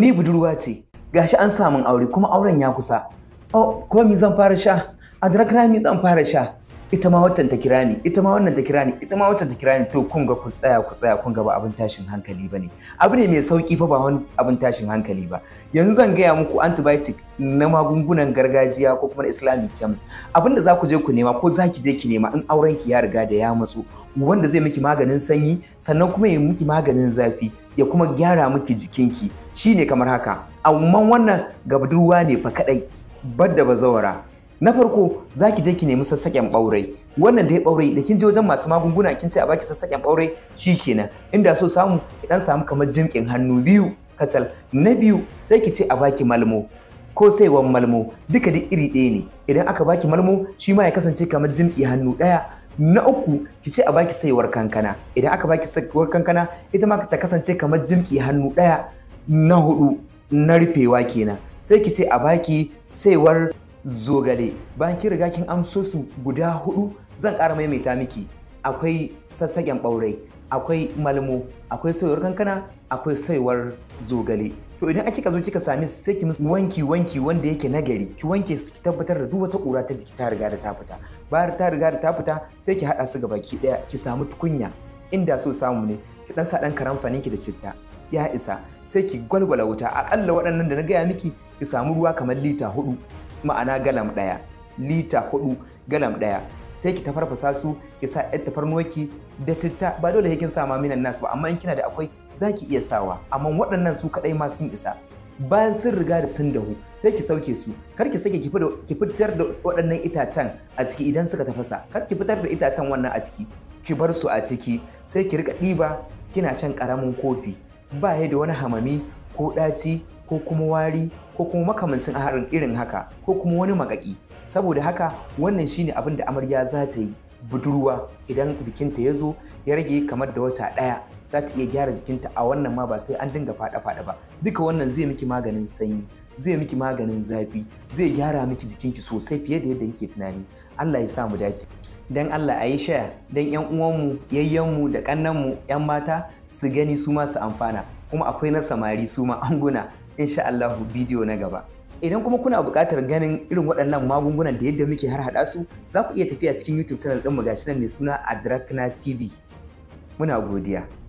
Ni budurwa ce, gashi an samun aure kuma auren ya kusa. Oh, ko mi zan fara sha? Adrenalin mi zan fara sha? ita ma waccan ta kira ni ita ma wannan ta kira ni ita ma waccan ta kira ni to kun ga ku tsaya ku tsaya kun ga ba abin tashin hankali bane abu ne mai sauki fa ba wani abin tashin hankali ba yanzu zan gaya muku antibiotic na magungunan gargajiya ko kuma islamic chemist da za ku je ku nema ko za ki je ki nema in auren ki ya riga da ya matsu wanda zai miki maganin sanyi sannan kuma ya miki maganin zafi ya kuma gyara miki jikinki shine kamar haka amma wannan gabduwa ne fa kadai badda bazawara na farko za ki je ki nemi sassaƙen ɓaurai wannan da ya ɓaurai da kin je wajen masu magunguna kin ce a baki sassaƙen ɓaurai shi kenan inda so samu ki ɗan samu kamar jimkin hannu biyu kacal na biyu sai ki ce a baki malmo ko saiwan malmo duka duk iri ɗaya ne idan aka baki malmo shi ma ya kasance kamar jimki hannu ɗaya na uku ki ce a baki saiwar kankana idan aka baki saiwar kankana ita ma ta kasance kamar jimki hannu ɗaya na hudu na rufewa kenan sai ki ce a baki saiwar zogale bayan kin riga kin amso su guda hudu zan ƙara maimaita miki akwai sassaƙen ɓaurai akwai malmo akwai soyuwar kankana akwai soyuwar zogale to idan kika zo kika sami sai ki wanki wanki wanda yake nagari ki wanke su ki tabbatar da duk wata ƙura ta jiki ta riga da ta fita bayan ta riga da ta fita sai ki haɗa su ga baki ɗaya ki samu tukunya inda so samu ne ki ɗan sa ɗan karamfanin ki da citta ya isa sai ki gwalgwala wuta akalla waɗannan da na gaya miki ki samu ruwa kamar lita hudu ma'ana galam ɗaya lita hudu galam ɗaya sai ki tafarfasa su ki sa yar tafarnuwarki da citta ba dole kin sa ma minan nasu ba amma in kina da akwai zaki iya sawa amma waɗannan su kaɗai ma sun isa bayan sun riga da sun dahu sai ki sauke su kar ki sake ki fitar da waɗannan itacen a ciki idan suka tafasa kar ki fitar da itacen wannan a ciki ki bar su a ciki sai ki rika ɗiba kina shan ƙaramin kofi ba da wani hamami ko ɗaci ko kuma wari ko kuma makamancin harin irin haka ko kuma wani magaki saboda haka wannan shine abin da amarya za ta yi budurwa idan bikinta ya zo ya rage kamar da wata ɗaya za ta iya gyara jikinta a wannan ma ba sai an dinga faɗa-faɗa ba duka wannan zai miki maganin sanyi zai miki maganin zafi zai gyara miki jikinki sosai fiye da yadda yake tunani Allah ya sa mu dace dan Allah a yi shaya dan yan uwanmu yayyanmu da kannanmu yan mata su gani su ma su amfana kuma akwai na samari su ma anguna insha Allahu bidiyo na gaba idan kuma kuna buƙatar ganin irin waɗannan magungunan da yadda muke har su za ku iya tafiya cikin YouTube channel ɗinmu gashi nan mai suna Adrakna TV muna godiya